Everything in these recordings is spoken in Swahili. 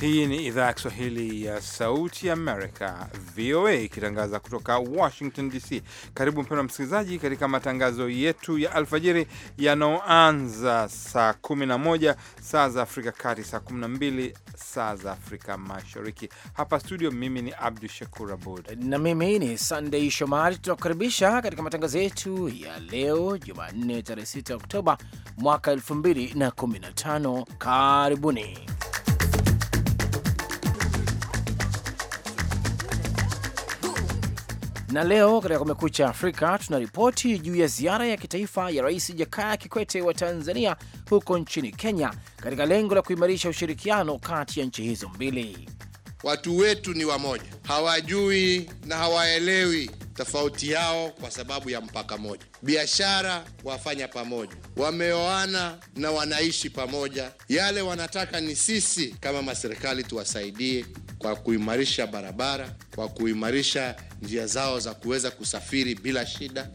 Hii ni idhaa ya Kiswahili ya Sauti Amerika, VOA, ikitangaza kutoka Washington DC. Karibu mpendwa msikilizaji, katika matangazo yetu ya alfajiri yanayoanza saa 11 saa za Afrika Kati, saa 12 saa za Afrika Mashariki. Hapa studio, mimi ni Abdu Shakur Abud na mimi ni Sandei Shomari. Tunakukaribisha katika matangazo yetu ya leo Jumanne, tarehe 6 Oktoba mwaka 2015. Karibuni. Na leo katika Kumekucha Afrika tunaripoti juu ya ziara ya kitaifa ya Rais Jakaya Kikwete wa Tanzania huko nchini Kenya katika lengo la kuimarisha ushirikiano kati ya nchi hizo mbili. Watu wetu ni wamoja, hawajui na hawaelewi tofauti yao kwa sababu ya mpaka moja. Biashara wafanya pamoja, wameoana na wanaishi pamoja. Yale wanataka ni sisi kama maserikali tuwasaidie kwa kuimarisha barabara, kwa kuimarisha njia zao za kuweza kusafiri bila shida.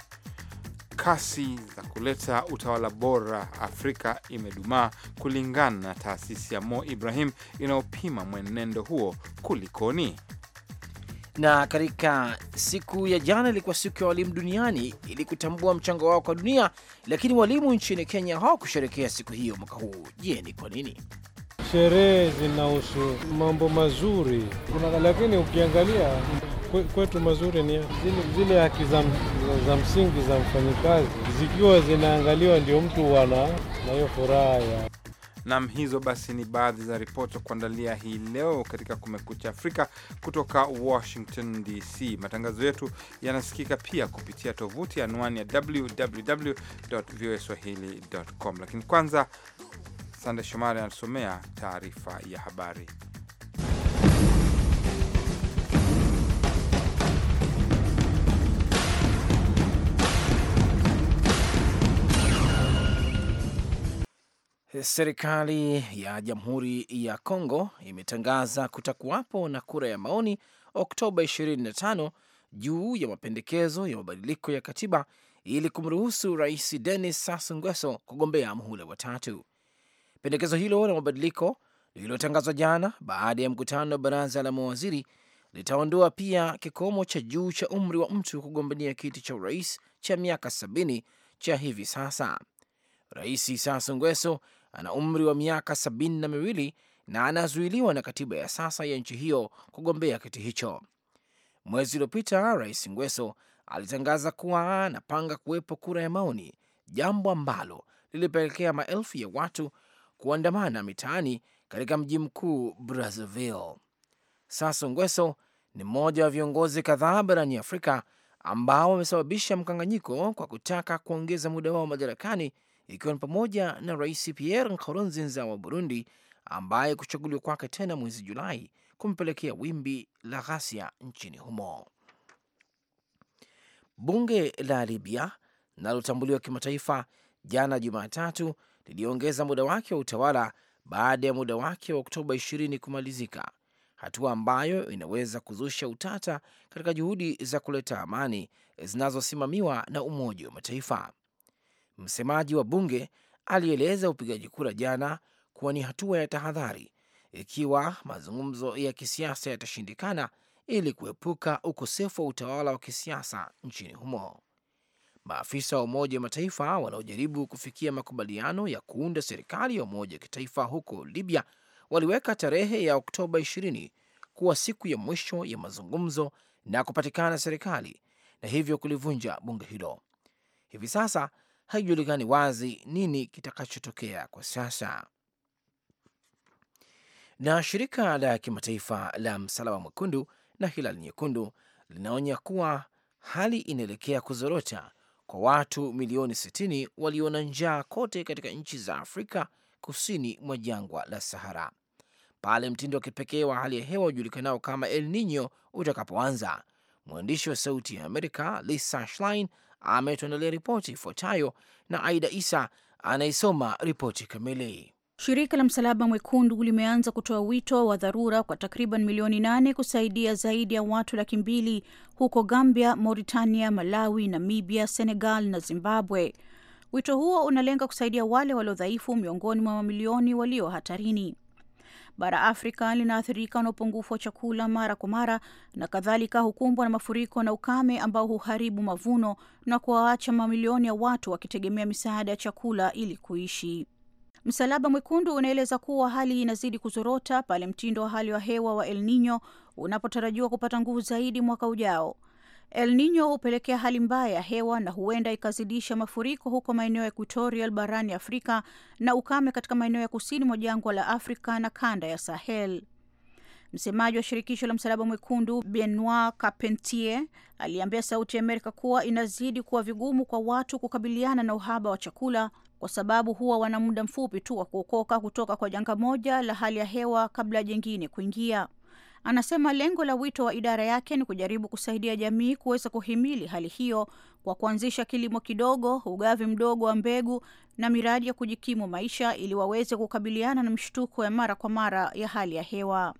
Kasi za kuleta utawala bora Afrika imedumaa kulingana na taasisi ya Mo Ibrahim inayopima mwenendo huo kulikoni. Na katika siku ya jana ilikuwa siku ya walimu duniani ili kutambua mchango wao kwa dunia, lakini walimu nchini Kenya hawakusherekea siku hiyo mwaka huu. Je, ni kwa nini? sherehe zinahusu mambo mazuri, lakini ukiangalia kwetu mazuri ni zile, zile haki za, za msingi za mfanyikazi zikiwa zinaangaliwa, ndio mtu wana na hiyo furaha nam. Hizo basi ni baadhi za ripoti kuandalia hii leo katika Kumekucha Afrika kutoka Washington DC. Matangazo yetu yanasikika pia kupitia tovuti anwani ya www voa lakini kwanza Sande Shomari anatusomea taarifa ya habari. Serikali ya Jamhuri ya Kongo imetangaza kutakuwapo na kura ya maoni Oktoba 25 juu ya mapendekezo ya mabadiliko ya katiba ili kumruhusu Rais Denis Sassou Nguesso kugombea muhula wa tatu. Pendekezo hilo la mabadiliko lililotangazwa jana baada ya mkutano wa baraza la mawaziri litaondoa pia kikomo cha juu cha umri wa mtu kugombania kiti cha urais cha miaka sabini cha hivi sasa. Rais Sassou Nguesso ana umri wa miaka sabini na miwili na anazuiliwa na katiba ya sasa ya nchi hiyo kugombea kiti hicho. Mwezi uliopita, Rais Nguesso alitangaza kuwa anapanga kuwepo kura ya maoni, jambo ambalo lilipelekea maelfu ya watu kuandamana mitaani katika mji mkuu Brazzaville. Sassou Nguesso ni mmoja wa viongozi kadhaa barani Afrika ambao wamesababisha mkanganyiko kwa kutaka kuongeza muda wao madarakani, ikiwa ni pamoja na Rais Pierre Nkurunziza wa Burundi ambaye kuchaguliwa kwake tena mwezi Julai kumpelekea wimbi la ghasia nchini humo. Bunge la Libya linalotambuliwa kimataifa jana Jumatatu liliongeza muda wake wa utawala baada ya muda wake wa Oktoba 20 kumalizika, hatua ambayo inaweza kuzusha utata katika juhudi za kuleta amani zinazosimamiwa na Umoja wa Mataifa. Msemaji wa bunge alieleza upigaji kura jana kuwa ni hatua ya tahadhari ikiwa mazungumzo ya kisiasa yatashindikana, ili kuepuka ukosefu wa utawala wa kisiasa nchini humo. Maafisa wa Umoja wa Mataifa wanaojaribu kufikia makubaliano ya kuunda serikali ya umoja wa kitaifa huko Libya waliweka tarehe ya Oktoba 20 kuwa siku ya mwisho ya mazungumzo na kupatikana serikali na hivyo kulivunja bunge hilo. Hivi sasa haijulikani wazi nini kitakachotokea kwa sasa. Na shirika la kimataifa la Msalaba Mwekundu na Hilali Nyekundu linaonya kuwa hali inaelekea kuzorota kwa watu milioni 60 walio na njaa kote katika nchi za Afrika kusini mwa jangwa la Sahara pale mtindo wa kipekee wa hali ya hewa ujulikanao kama El Nino utakapoanza. Mwandishi wa Sauti ya Amerika Lisa Schlein ametuandalia ripoti ifuatayo, na Aida Isa anaisoma ripoti kamili. Shirika la Msalaba Mwekundu limeanza kutoa wito wa dharura kwa takriban milioni nane kusaidia zaidi ya watu laki mbili huko Gambia, Mauritania, Malawi, Namibia, Senegal na Zimbabwe. Wito huo unalenga kusaidia wale waliodhaifu miongoni mwa mamilioni walio hatarini. Bara Afrika linaathirika na upungufu wa chakula mara kwa mara na kadhalika, hukumbwa na mafuriko na ukame ambao huharibu mavuno na kuwaacha mamilioni ya watu wakitegemea misaada ya chakula ili kuishi. Msalaba Mwekundu unaeleza kuwa hali inazidi kuzorota pale mtindo wa hali wa hewa wa El Nino unapotarajiwa kupata nguvu zaidi mwaka ujao. El Nino hupelekea hali mbaya ya hewa na huenda ikazidisha mafuriko huko maeneo ya Equatorial barani Afrika na ukame katika maeneo ya kusini mwa jangwa la Afrika na kanda ya Sahel. Msemaji wa shirikisho la Msalaba Mwekundu Benoit Carpentier aliambia Sauti ya Amerika kuwa inazidi kuwa vigumu kwa watu kukabiliana na uhaba wa chakula kwa sababu huwa wana muda mfupi tu wa kuokoka kutoka kwa janga moja la hali ya hewa kabla jingine kuingia. Anasema lengo la wito wa idara yake ni kujaribu kusaidia jamii kuweza kuhimili hali hiyo kwa kuanzisha kilimo kidogo, ugavi mdogo wa mbegu na miradi ya kujikimu maisha ili waweze kukabiliana na mshtuko ya mara kwa mara ya hali ya hewa.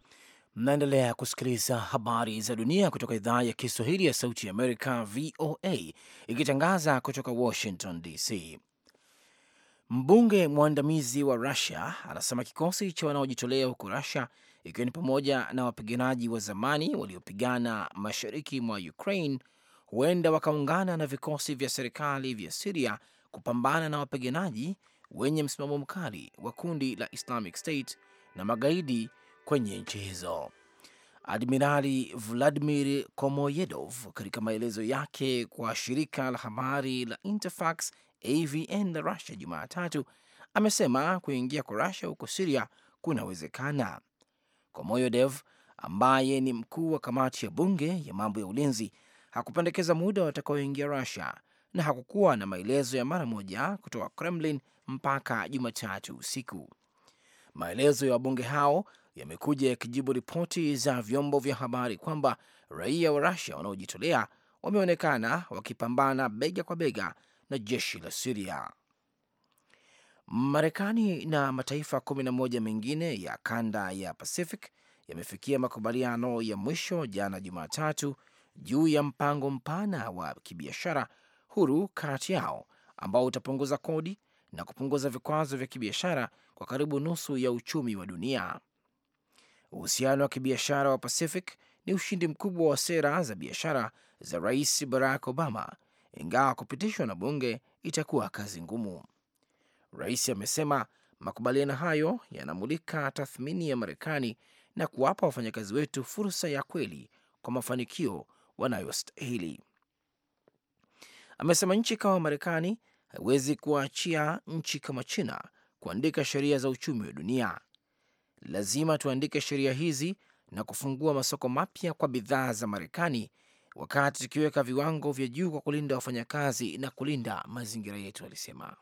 Mnaendelea kusikiliza habari za dunia kutoka idhaa ya Kiswahili ya Sauti ya Amerika, VOA, ikitangaza kutoka Washington DC. Mbunge mwandamizi wa Rusia anasema kikosi cha wanaojitolea huko Rusia, ikiwa ni pamoja na wapiganaji wa zamani waliopigana mashariki mwa Ukraine, huenda wakaungana na vikosi vya serikali vya Siria kupambana na wapiganaji wenye msimamo mkali wa kundi la Islamic State na magaidi kwenye nchi hizo. Admirali Vladimir Komoyedov, katika maelezo yake kwa shirika la habari la Interfax AVN la Rusia Jumatatu amesema kuingia kwa Rusia huko Siria kunawezekana. Komoyodev ambaye ni mkuu wa kamati ya bunge ya mambo ya ulinzi hakupendekeza muda watakaoingia Rusia na hakukuwa na maelezo ya mara moja kutoka Kremlin mpaka Jumatatu usiku. Maelezo ya wabunge hao yamekuja yakijibu ripoti za vyombo vya habari kwamba raia wa Rusia wanaojitolea wameonekana wakipambana bega kwa bega na jeshi la Siria. Marekani na mataifa 11 mengine ya kanda ya Pacific yamefikia makubaliano ya mwisho jana Jumatatu juu ya mpango mpana wa kibiashara huru kati yao ambao utapunguza kodi na kupunguza vikwazo vya kibiashara kwa karibu nusu ya uchumi wa dunia. Uhusiano wa kibiashara wa Pacific ni ushindi mkubwa wa sera za biashara za Rais Barack Obama ingawa kupitishwa na bunge itakuwa kazi ngumu. Rais amesema makubaliano hayo yanamulika tathmini ya Marekani na kuwapa wafanyakazi wetu fursa ya kweli kwa mafanikio wanayostahili. Amesema nchi kama Marekani haiwezi kuwaachia nchi kama China kuandika sheria za uchumi wa dunia. Lazima tuandike sheria hizi na kufungua masoko mapya kwa bidhaa za Marekani wakati zikiweka viwango vya juu kwa kulinda wafanyakazi na kulinda mazingira yetu, alisema.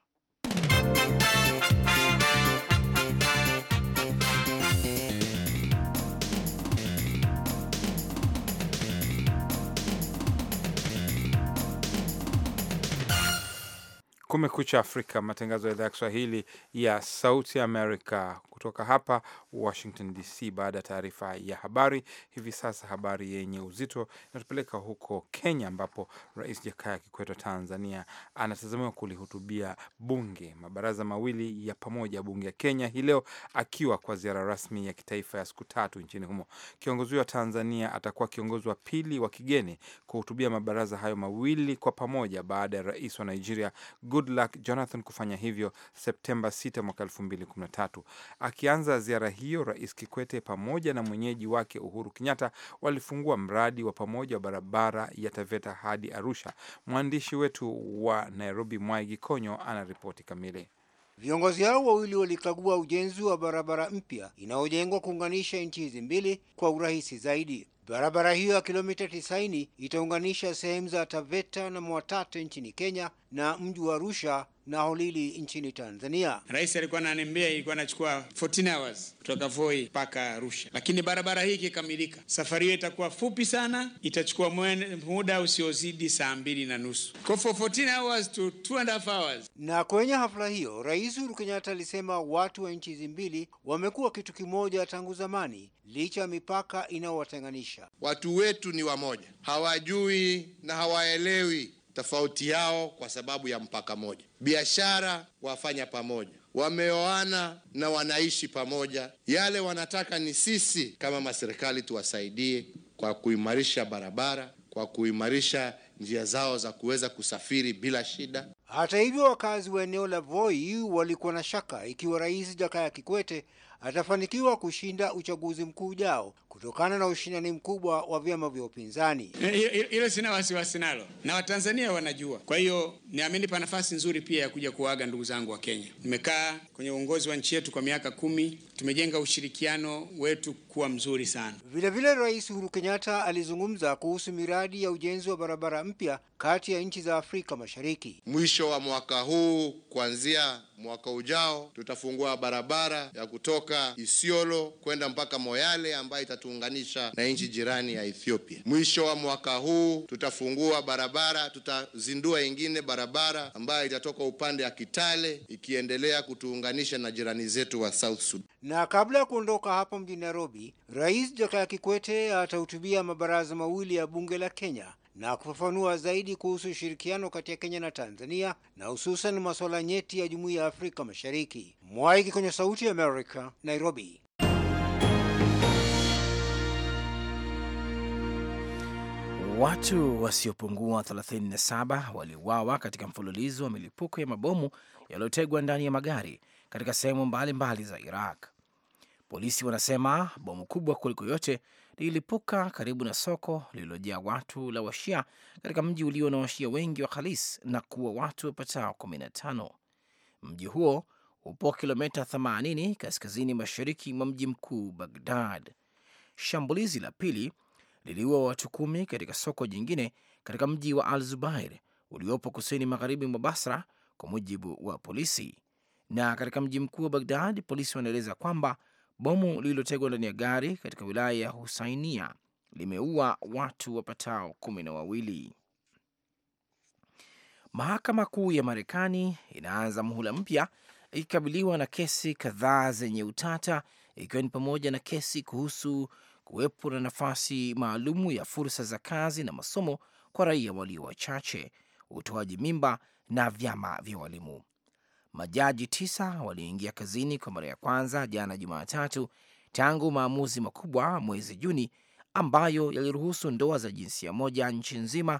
Kumekucha Afrika, matangazo ya idhaa ya Kiswahili ya Sauti Amerika kutoka hapa Washington DC baada ya taarifa ya habari. Hivi sasa habari yenye uzito inatupeleka huko Kenya, ambapo Rais Jakaya Kikwete wa Tanzania anatazamiwa kulihutubia bunge, mabaraza mawili ya pamoja, bunge ya Kenya hii leo, akiwa kwa ziara rasmi ya kitaifa ya siku tatu nchini humo. Kiongozi huyo wa Tanzania atakuwa kiongozi wa pili wa kigeni kuhutubia mabaraza hayo mawili kwa pamoja baada ya rais wa Nigeria Goodluck Jonathan kufanya hivyo Septemba 6 mwaka 2013. Akianza ziara hiyo, Rais Kikwete pamoja na mwenyeji wake Uhuru Kenyatta walifungua mradi wa pamoja wa barabara ya Taveta hadi Arusha. Mwandishi wetu wa Nairobi, Mwangi Konyo, anaripoti kamili. Viongozi hao wawili walikagua ujenzi wa barabara mpya inayojengwa kuunganisha nchi hizi mbili kwa urahisi zaidi. Barabara hiyo ya kilomita 90 itaunganisha sehemu za Taveta na Mwatate nchini Kenya na mji wa Arusha na Holili nchini Tanzania. Rais alikuwa ananiambia ilikuwa nachukua 14 hours kutoka Voi mpaka Arusha, lakini barabara hii ikikamilika, safari hiyo itakuwa fupi sana, itachukua muda usiozidi saa mbili na nusu kwa 14 hours to 2 and a half hours. Na kwenye hafla hiyo Rais Uhuru Kenyatta alisema watu wa nchi hizi mbili wamekuwa kitu kimoja tangu zamani, licha ya mipaka inayowatenganisha. Watu wetu ni wamoja, hawajui na hawaelewi tofauti yao kwa sababu ya mpaka moja. Biashara wafanya pamoja, wameoana na wanaishi pamoja. Yale wanataka ni sisi kama maserikali tuwasaidie kwa kuimarisha barabara, kwa kuimarisha njia zao za kuweza kusafiri bila shida. Hata hivyo, wakazi wa eneo la Voi walikuwa na shaka ikiwa Rais Jakaya Kikwete atafanikiwa kushinda uchaguzi mkuu ujao kutokana na ushindani mkubwa wa vyama vya upinzani. Hilo sina wasiwasi nalo na Watanzania wanajua. Kwa hiyo niamini pa nafasi nzuri pia ya kuja kuwaaga ndugu zangu wa Kenya. Nimekaa kwenye uongozi wa nchi yetu kwa miaka kumi, tumejenga ushirikiano wetu kuwa mzuri sana. Vilevile Rais Uhuru Kenyatta alizungumza kuhusu miradi ya ujenzi wa barabara mpya kati ya nchi za Afrika Mashariki. Mwisho wa mwaka huu kuanzia mwaka ujao tutafungua barabara ya kutoka Isiolo kwenda mpaka Moyale ambayo itatuunganisha na nchi jirani ya Ethiopia. Mwisho wa mwaka huu tutafungua barabara, tutazindua ingine barabara ambayo itatoka upande wa Kitale ikiendelea kutuunganisha na jirani zetu wa South Sudan. Na kabla ya kuondoka hapo mjini Nairobi, Rais Jakaya Kikwete atahutubia mabaraza mawili ya bunge la Kenya na kufafanua zaidi kuhusu ushirikiano kati ya Kenya na Tanzania na hususan masuala nyeti ya Jumuiya ya Afrika Mashariki. Mwaiki kwenye Sauti ya Amerika, Nairobi. Watu wasiopungua 37 waliuawa katika mfululizo wa milipuko ya mabomu yaliyotegwa ndani ya magari katika sehemu mbalimbali za Iraq. Polisi wanasema bomu kubwa kuliko yote lilipuka karibu na soko lililojaa watu la Washia katika mji ulio na Washia wengi wa Khalis na kuwa watu wapatao 15. Mji huo upo kilomita 80 kaskazini mashariki mwa mji mkuu Bagdad. Shambulizi la pili liliua watu kumi katika soko jingine katika mji wa Al Zubair uliopo kusini magharibi mwa Basra, kwa mujibu wa polisi. Na katika mji mkuu wa Bagdad, polisi wanaeleza kwamba Bomu lililotegwa ndani ya gari katika wilaya ya Husainia limeua watu wapatao kumi na wawili. Mahakama Kuu ya Marekani inaanza muhula mpya ikikabiliwa na kesi kadhaa zenye utata, ikiwa ni pamoja na kesi kuhusu kuwepo na nafasi maalumu ya fursa za kazi na masomo kwa raia walio wachache, utoaji mimba na vyama vya walimu. Majaji tisa walioingia kazini kwa mara ya kwanza jana Jumatatu tangu maamuzi makubwa mwezi Juni ambayo yaliruhusu ndoa za jinsia moja nchi nzima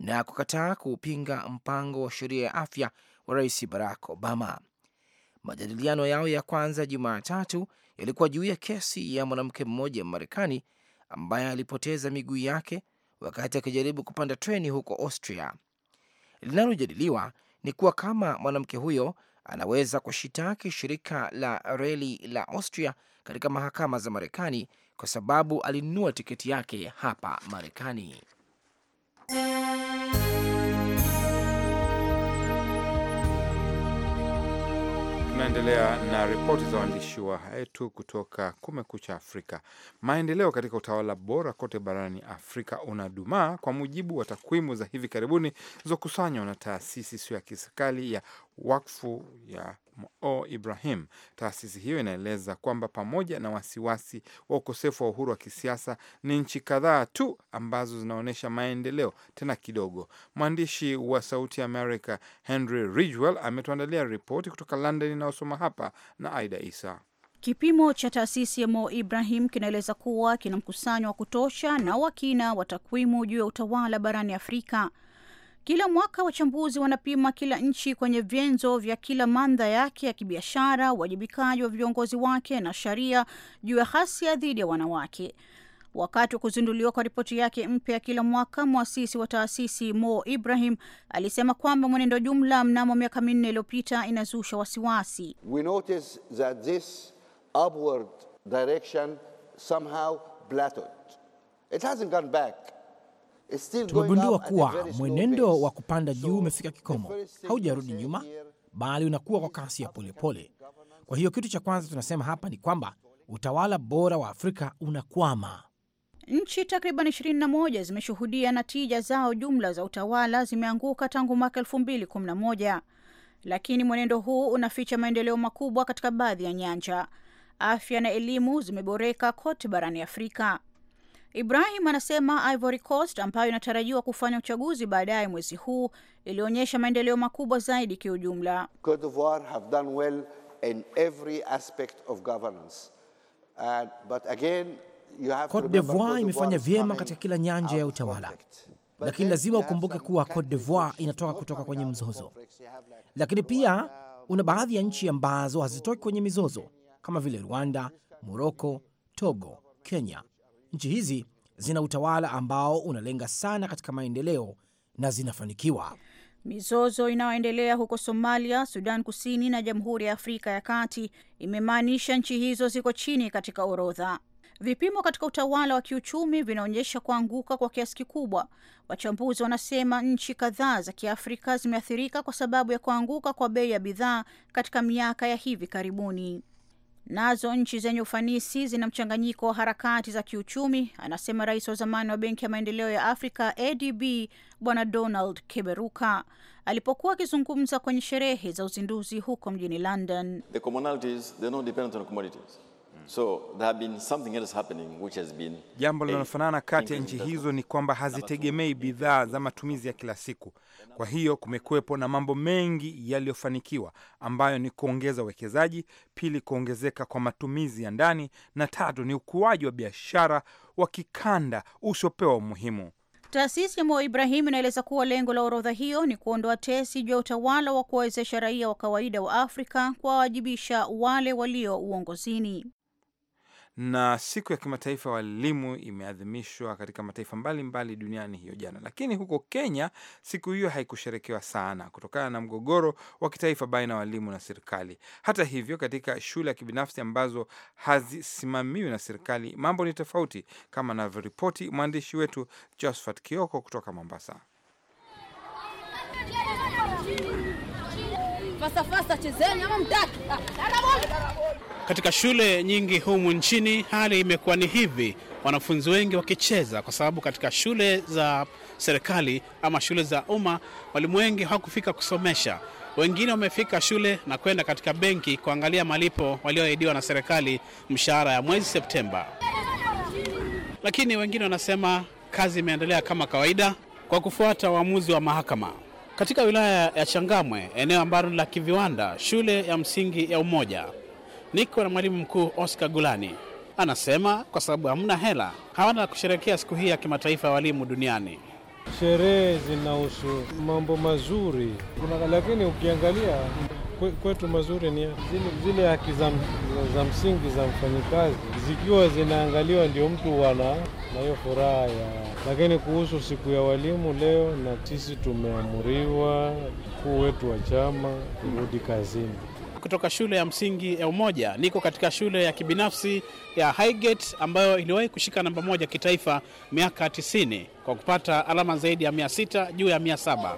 na kukataa kuupinga mpango wa sheria ya afya wa Rais Barack Obama. Majadiliano yao ya kwanza Jumatatu yalikuwa juu ya kesi ya mwanamke mmoja marekani ambaye alipoteza miguu yake wakati akijaribu kupanda treni huko Austria. Linalojadiliwa ni kuwa kama mwanamke huyo anaweza kushitaki shirika la reli la Austria katika mahakama za Marekani kwa sababu alinunua tiketi yake hapa Marekani. Tunaendelea na ripoti za waandishi wetu kutoka Kumekucha Afrika. Maendeleo katika utawala bora kote barani Afrika unadumaa kwa mujibu wa takwimu za hivi karibuni zilizokusanywa na taasisi isiyo ya kiserikali ya wakfu ya Mo Ibrahim. Taasisi hiyo inaeleza kwamba pamoja na wasiwasi wa ukosefu wa uhuru wa kisiasa, ni nchi kadhaa tu ambazo zinaonyesha maendeleo, tena kidogo. Mwandishi wa Sauti ya America Henry Ridgwell ametuandalia ripoti kutoka London inayosoma hapa na Aida Isa. Kipimo cha taasisi ya Mo Ibrahim kinaeleza kuwa kina mkusanyo wa kutosha na wa kina wa takwimu juu ya utawala barani Afrika. Kila mwaka wachambuzi wanapima kila nchi kwenye vyenzo vya kila mandha yake ya kibiashara, uwajibikaji wa viongozi wake na sheria juu ya ghasia dhidi ya wanawake. Wakati wa kuzinduliwa kwa ripoti yake mpya kila mwaka, mwasisi wa taasisi Mo Ibrahim alisema kwamba mwenendo jumla mnamo miaka minne iliyopita inazusha wasiwasi. We notice that this upward direction somehow plateaued. It hasn't gone back. Tumegundua kuwa mwenendo wa kupanda juu umefika kikomo, haujarudi nyuma, bali unakuwa kwa kasi ya polepole pole. Kwa hiyo kitu cha kwanza tunasema hapa ni kwamba utawala bora wa Afrika unakwama. Nchi takriban 21 zimeshuhudia na tija zao jumla za utawala zimeanguka tangu mwaka 2011, lakini mwenendo huu unaficha maendeleo makubwa katika baadhi ya nyanja. Afya na elimu zimeboreka kote barani Afrika. Ibrahim anasema Ivory Coast ambayo inatarajiwa kufanya uchaguzi baadaye mwezi huu ilionyesha maendeleo makubwa zaidi kiujumla. Cote d'Ivoire have done well in every aspect of governance. Uh, but again, you have Cote d'Ivoire imefanya vyema katika kila nyanja ya utawala. Lakini lazima ukumbuke kuwa Cote d'Ivoire inatoka kutoka kwenye mzozo. Lakini pia una baadhi ya nchi ambazo hazitoki kwenye mizozo kama vile Rwanda, Moroko, Togo, Kenya Nchi hizi zina utawala ambao unalenga sana katika maendeleo na zinafanikiwa. Mizozo inayoendelea huko Somalia, Sudan Kusini na Jamhuri ya Afrika ya Kati imemaanisha nchi hizo ziko chini katika orodha. Vipimo katika utawala wa kiuchumi vinaonyesha kuanguka kwa kiasi kikubwa. Wachambuzi wanasema nchi kadhaa za Kiafrika zimeathirika kwa sababu ya kuanguka kwa bei ya bidhaa katika miaka ya hivi karibuni. Nazo nchi zenye ufanisi zina mchanganyiko wa harakati za kiuchumi, anasema rais wa zamani wa Benki ya Maendeleo ya Afrika ADB Bwana Donald Keberuka alipokuwa akizungumza kwenye sherehe za uzinduzi huko mjini London. The So, there have been something else happening which has been jambo linalofanana kati ya nchi hizo ni kwamba hazitegemei bidhaa za matumizi ya kila siku. Kwa hiyo kumekuwepo na mambo mengi yaliyofanikiwa ambayo ni kuongeza uwekezaji, pili kuongezeka kwa matumizi ya ndani, na tatu ni ukuaji wa biashara wa kikanda usiopewa umuhimu. Taasisi ya Mo Ibrahim inaeleza kuwa lengo la orodha hiyo ni kuondoa tesi juu ya utawala wa kuwawezesha raia wa kawaida wa Afrika kuwawajibisha wale walio uongozini na siku ya kimataifa ya walimu imeadhimishwa katika mataifa mbalimbali mbali duniani hiyo jana, lakini huko Kenya siku hiyo haikusherekewa sana kutokana na mgogoro wa kitaifa baina ya walimu na serikali. Hata hivyo, katika shule ya kibinafsi ambazo hazisimamiwi na serikali mambo ni tofauti, kama anavyoripoti mwandishi wetu Josephat Kioko kutoka Mombasa. Fasafasa chezeni ama mtaki ah, katika shule nyingi humu nchini hali imekuwa ni hivi, wanafunzi wengi wakicheza, kwa sababu katika shule za serikali ama shule za umma walimu wengi hawakufika kusomesha. Wengine wamefika shule na kwenda katika benki kuangalia malipo walioaidiwa na serikali, mshahara ya mwezi Septemba. Lakini wengine wanasema kazi imeendelea kama kawaida kwa kufuata uamuzi wa mahakama. Katika wilaya ya Changamwe, eneo ambalo la kiviwanda, shule ya msingi ya Umoja, niko na mwalimu mkuu Oscar Gulani. Anasema kwa sababu hamna hela, hawana kusherehekea siku hii ya kimataifa ya walimu duniani. Sherehe zinahusu mambo mazuri, lakini ukiangalia kwetu mazuri ni zile haki za, za msingi za mfanyikazi zikiwa zinaangaliwa, ndio mtu wana na hiyo furaha ya. Lakini kuhusu siku ya walimu leo, na sisi tumeamuriwa, mkuu wetu wa chama kurudi kazini kutoka shule ya msingi ya Umoja. Niko katika shule ya kibinafsi ya Highgate ambayo iliwahi kushika namba moja kitaifa miaka 90 kwa kupata alama zaidi ya 600 juu ya saba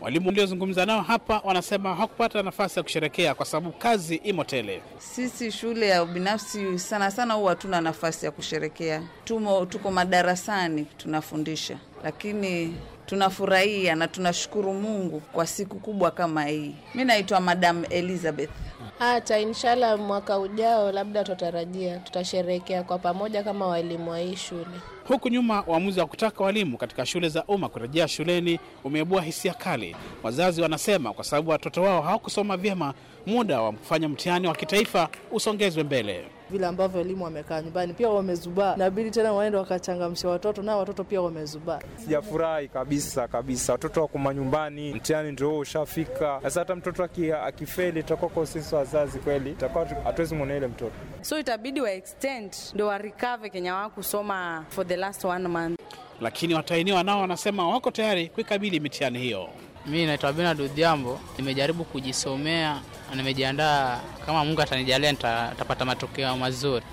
Walimu waliozungumza nao hapa wanasema hawakupata nafasi ya kusherekea kwa sababu kazi imo tele. Sisi shule ya binafsi sana sana huwa hatuna nafasi ya kusherekea, tumo tuko madarasani tunafundisha, lakini tunafurahia na tunashukuru Mungu kwa siku kubwa kama hii. Mi naitwa Madam Elizabeth. Hata inshallah mwaka ujao labda tutarajia tutasherekea kwa pamoja kama walimu wa hii shule. Huku nyuma uamuzi wa kutaka walimu katika shule za umma kurejea shuleni umeibua hisia kali. Wazazi wanasema kwa sababu watoto wao hawakusoma vyema, muda wa kufanya mtihani wa kitaifa usongezwe mbele vile ambavyo elimu wamekaa nyumbani, pia wamezubaa, nabidi tena waende wakachangamsha watoto, na watoto pia wamezubaa. Sijafurahi kabisa kabisa, watoto wakuma nyumbani, mtihani ndio ushafika sasa. Hata mtoto akifeli, itakuwa kwa sisi wazazi kweli, itakuwa hatuwezi mwona ile mtoto, so itabidi wa extend ndio wa recover Kenya wao kusoma for the last one month, lakini watahiniwa nao wanasema wako tayari kuikabili mitihani hiyo. Mi naitwa bina Odhiambo, nimejaribu kujisomea na nimejiandaa, kama Mungu atanijalia nitapata matokeo mazuri.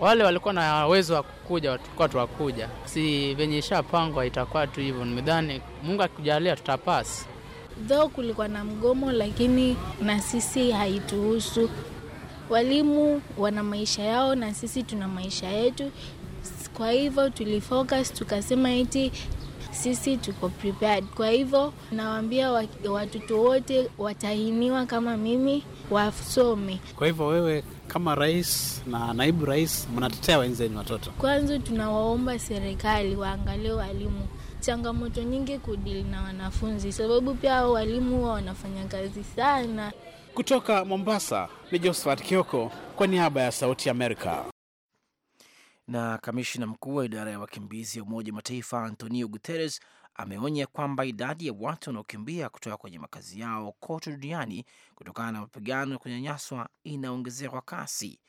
Wale walikuwa na uwezo wa kukuja watakuwa tuwakuja wakuja, si venye ishapangwa itakuwa tu hivyo. Nimedhani Mungu akijalia tutapasi. Though kulikuwa na mgomo, lakini na sisi haituhusu. Walimu wana maisha yao na sisi tuna maisha yetu. Kwa hivyo tulifocus, tukasema eti sisi tuko prepared. Kwa hivyo nawaambia watoto wote watahiniwa kama mimi wasome. Kwa hivyo wewe kama rais na naibu rais mnatetea wenzeni watoto? Kwanza tunawaomba serikali waangalie walimu changamoto nyingi kudili na wanafunzi, sababu pia walimu huwa wanafanya kazi sana. Kutoka Mombasa ni Josephat Kioko kwa niaba ya Sauti Amerika na kamishina mkuu wa idara ya wakimbizi ya Umoja Mataifa Antonio Guterres ameonya kwamba idadi ya watu wanaokimbia kutoka kwenye makazi yao kote duniani kutokana na mapigano ya kunyanyaswa inaongezeka kwa kasi,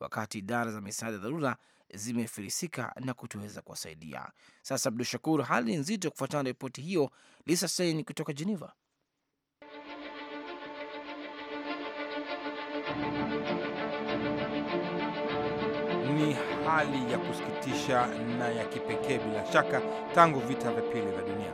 wakati idara za misaada ya dharura zimefilisika na kutoweza kuwasaidia. Sasa Abdu Shakur, hali nzito kufuatana na ripoti hiyo. Lisa Stein kutoka Geneva. Ni hali ya kusikitisha na ya kipekee bila shaka tangu vita vya pili vya dunia.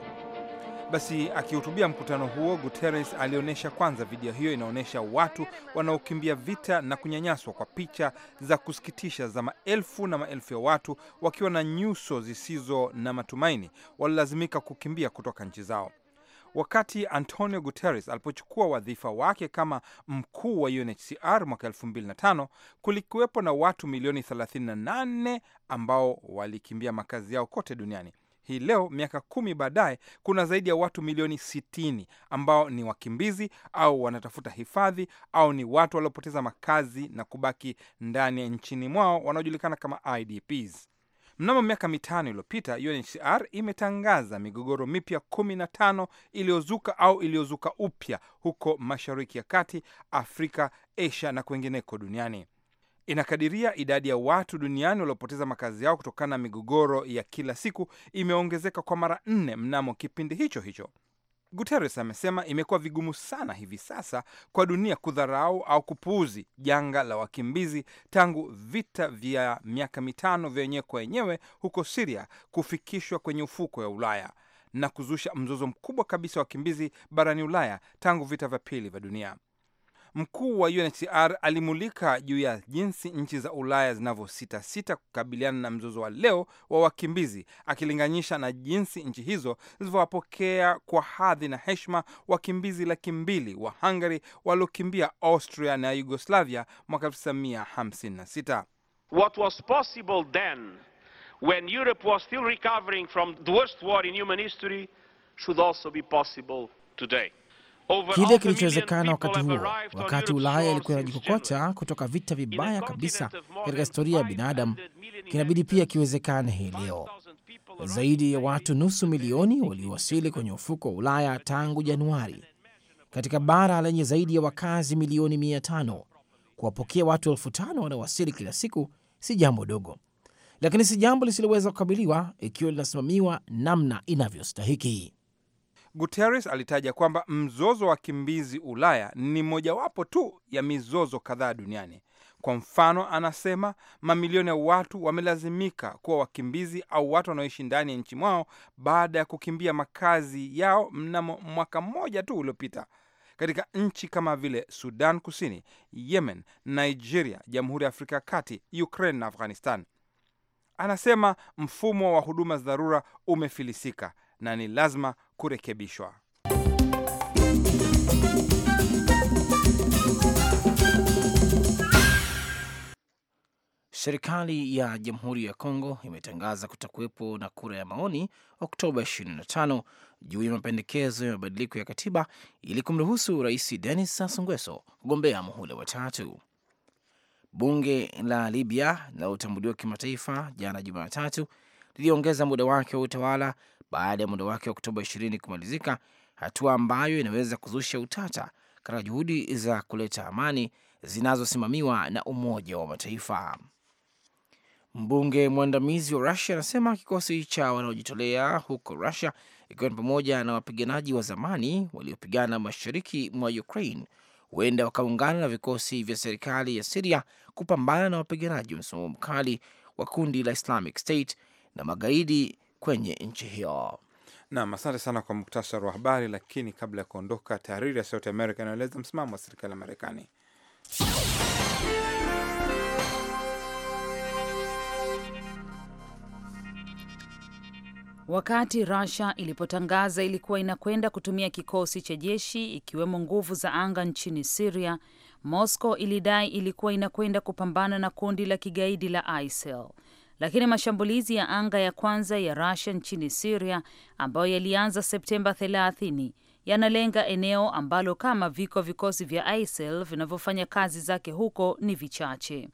Basi akihutubia mkutano huo, Guterres alionyesha kwanza video hiyo inaonyesha watu wanaokimbia vita na kunyanyaswa kwa picha za kusikitisha za maelfu na maelfu ya watu wakiwa na nyuso zisizo na matumaini, walilazimika kukimbia kutoka nchi zao. Wakati Antonio Guterres alipochukua wadhifa wake kama mkuu wa UNHCR mwaka 2005, kulikuwepo na watu milioni 38 ambao walikimbia makazi yao kote duniani. Hii leo miaka kumi baadaye, kuna zaidi ya watu milioni 60 ambao ni wakimbizi au wanatafuta hifadhi au ni watu waliopoteza makazi na kubaki ndani ya nchini mwao wanaojulikana kama IDPs. Mnamo miaka mitano iliyopita, UNHCR imetangaza migogoro mipya 15 iliyozuka au iliyozuka upya huko Mashariki ya Kati, Afrika, Asia na kwengineko duniani. Inakadiria idadi ya watu duniani waliopoteza makazi yao kutokana na migogoro ya kila siku imeongezeka kwa mara nne mnamo kipindi hicho hicho. Guterres amesema imekuwa vigumu sana hivi sasa kwa dunia kudharau au kupuuzi janga la wakimbizi tangu vita vya miaka mitano vya wenyewe kwa wenyewe huko Siria kufikishwa kwenye ufuko wa Ulaya na kuzusha mzozo mkubwa kabisa wa wakimbizi barani Ulaya tangu vita vya pili vya dunia. Mkuu wa UNHCR alimulika juu ya jinsi nchi za Ulaya zinavyositasita kukabiliana na mzozo wa leo wa wakimbizi, akilinganisha na jinsi nchi hizo zilivyowapokea kwa hadhi na heshima wakimbizi laki mbili wa Hungary waliokimbia Austria na Yugoslavia mwaka 1956. What was possible then when Europe was still recovering from the worst war in human history should also be possible today kile kilichowezekana wakati huo, wakati Ulaya ilikuwa inajikokota kutoka vita vibaya kabisa katika historia ya binadamu, kinabidi pia kiwezekane hii leo. Zaidi ya watu nusu milioni waliowasili kwenye ufuko wa Ulaya tangu Januari, katika bara lenye zaidi ya wakazi milioni mia tano. Kuwapokea watu elfu tano wanaowasili kila siku si jambo dogo, lakini si jambo lisiloweza kukabiliwa ikiwa linasimamiwa namna inavyostahiki. Guterres alitaja kwamba mzozo wa wakimbizi Ulaya ni mojawapo tu ya mizozo kadhaa duniani. Kwa mfano, anasema mamilioni ya watu wamelazimika kuwa wakimbizi au watu wanaoishi ndani ya nchi mwao baada ya kukimbia makazi yao mnamo mwaka mmoja tu uliopita katika nchi kama vile Sudan Kusini, Yemen, Nigeria, Jamhuri ya Afrika ya Kati, Ukraine na Afghanistan. Anasema mfumo wa huduma za dharura umefilisika na ni lazima kurekebishwa. Serikali ya Jamhuri ya Kongo imetangaza kutakuwepo na kura ya maoni Oktoba 25 juu ya mapendekezo ya mabadiliko ya katiba ili kumruhusu Rais Denis Sassou Nguesso kugombea muhula wa tatu. Bunge la Libya utambuliwa kimataifa jana Jumatatu liliongeza muda wake wa utawala baada ya muda wake wa Oktoba 20 kumalizika, hatua ambayo inaweza kuzusha utata katika juhudi za kuleta amani zinazosimamiwa na Umoja wa Mataifa. Mbunge mwandamizi wa Rusia anasema kikosi cha wanaojitolea huko Rusia, ikiwa ni pamoja na wapiganaji wa zamani waliopigana mashariki mwa Ukraine, huenda wakaungana na vikosi vya serikali ya Siria kupambana na wapiganaji wa msimamo mkali wa kundi la Islamic State na magaidi kwenye nchi hiyo. Nam, asante sana kwa muktasari wa habari. Lakini kabla ya kuondoka, tahariri ya Sauti Amerika inaeleza msimamo wa serikali ya Marekani. Wakati Russia ilipotangaza ilikuwa inakwenda kutumia kikosi cha jeshi ikiwemo nguvu za anga nchini siria Moscow ilidai ilikuwa inakwenda kupambana na kundi la kigaidi la ISIL lakini mashambulizi ya anga ya kwanza ya Rusia nchini siria ambayo yalianza Septemba 30 yanalenga eneo ambalo kama viko vikosi vya ISIL vinavyofanya kazi zake huko ni vichache.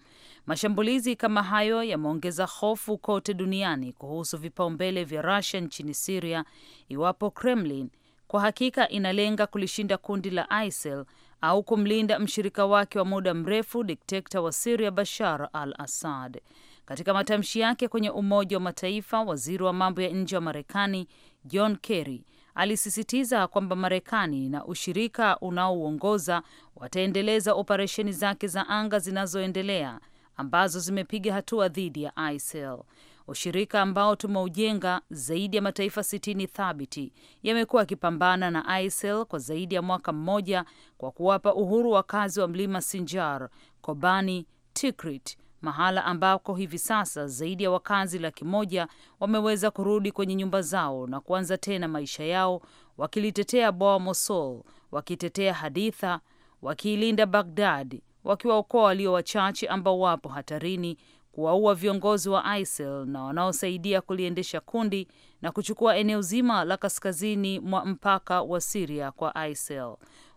Mashambulizi kama hayo yameongeza hofu kote duniani kuhusu vipaumbele vya Russia nchini siria iwapo Kremlin kwa hakika inalenga kulishinda kundi la ISIL au kumlinda mshirika wake wa muda mrefu dikteta wa siria Bashar al-Assad. Katika matamshi yake kwenye Umoja wa Mataifa, waziri wa mambo ya nje wa Marekani John Kerry alisisitiza kwamba Marekani na ushirika unaouongoza wataendeleza operesheni zake za anga zinazoendelea ambazo zimepiga hatua dhidi ya ISIL. E ushirika ambao tumeujenga zaidi ya mataifa sitini thabiti yamekuwa yakipambana na ISIL e kwa zaidi ya mwaka mmoja kwa kuwapa uhuru wakazi wa mlima Sinjar, Kobani, Tikrit, mahala ambako hivi sasa zaidi ya wakazi laki moja wameweza kurudi kwenye nyumba zao na kuanza tena maisha yao, wakilitetea bwawa Mosul, wakitetea Haditha, wakiilinda Bagdad, wakiwaokoa walio wachache ambao wapo hatarini, kuwaua viongozi wa ISIL na wanaosaidia kuliendesha kundi na kuchukua eneo zima la kaskazini mwa mpaka wa Siria kwa ISIL.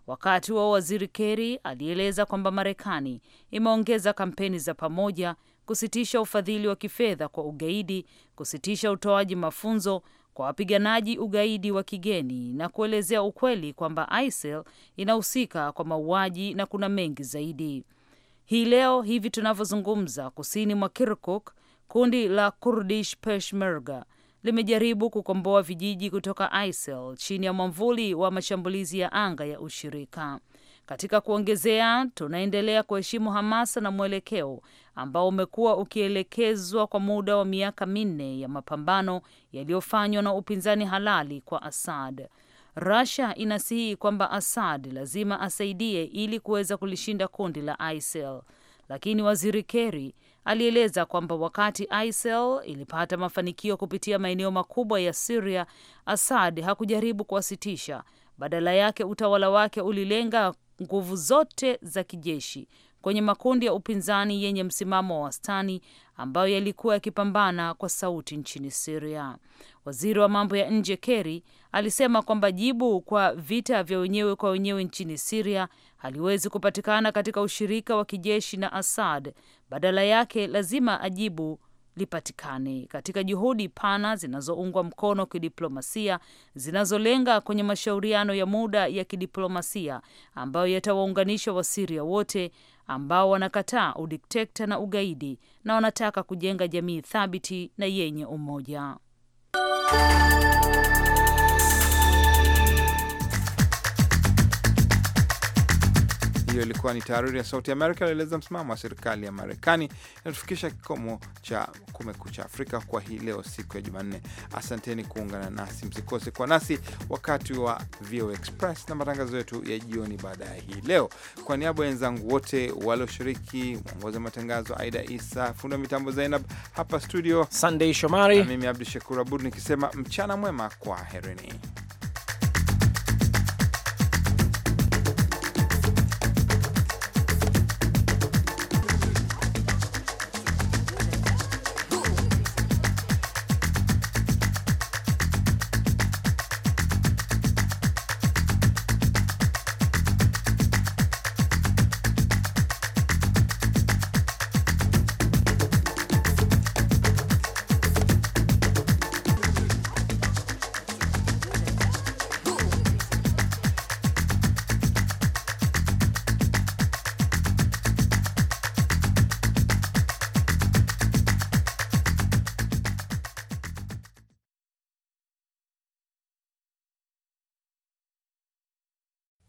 Wakati wa waziri Kerry alieleza kwamba Marekani imeongeza kampeni za pamoja kusitisha ufadhili wa kifedha kwa ugaidi, kusitisha utoaji mafunzo kwa wapiganaji ugaidi wa kigeni na kuelezea ukweli kwamba ISIL inahusika kwa mauaji na kuna mengi zaidi. Hii leo hivi tunavyozungumza, kusini mwa Kirkuk, kundi la Kurdish Peshmerga limejaribu kukomboa vijiji kutoka ISIL chini ya mwamvuli wa mashambulizi ya anga ya ushirika. Katika kuongezea, tunaendelea kuheshimu hamasa na mwelekeo ambao umekuwa ukielekezwa kwa muda wa miaka minne ya mapambano yaliyofanywa na upinzani halali kwa Assad. Russia inasihi kwamba Assad lazima asaidie ili kuweza kulishinda kundi la ISIL lakini waziri Kerry alieleza kwamba wakati ISIL e ilipata mafanikio kupitia maeneo makubwa ya Siria, Assad hakujaribu kuwasitisha. Badala yake, utawala wake ulilenga nguvu zote za kijeshi kwenye makundi ya upinzani yenye msimamo wa wastani ambayo yalikuwa yakipambana kwa sauti nchini Siria. Waziri wa mambo ya nje Kerry alisema kwamba jibu kwa vita vya wenyewe kwa wenyewe nchini Siria haliwezi kupatikana katika ushirika wa kijeshi na Assad, badala yake lazima ajibu lipatikane katika juhudi pana zinazoungwa mkono kidiplomasia zinazolenga kwenye mashauriano ya muda ya kidiplomasia ambayo yatawaunganisha Wasiria wote ambao wanakataa udiktekta na ugaidi na wanataka kujenga jamii thabiti na yenye umoja. Música Hiyo ilikuwa ni taariri ya Sauti Amerika, alieleza msimamo wa serikali ya Marekani. Inatufikisha kikomo cha Kumekucha Afrika kwa hii leo, siku ya Jumanne. Asanteni kuungana nasi, msikose kwa nasi wakati wa VO Express na matangazo yetu ya jioni baadaye hii leo. Kwa niaba ya wenzangu wote walioshiriki, mwongozi wa matangazo Aida Isa, funda mitambo Zainab, hapa studio sandey Shomari na mimi Abdu Shakur Abud nikisema mchana mwema, kwa herini.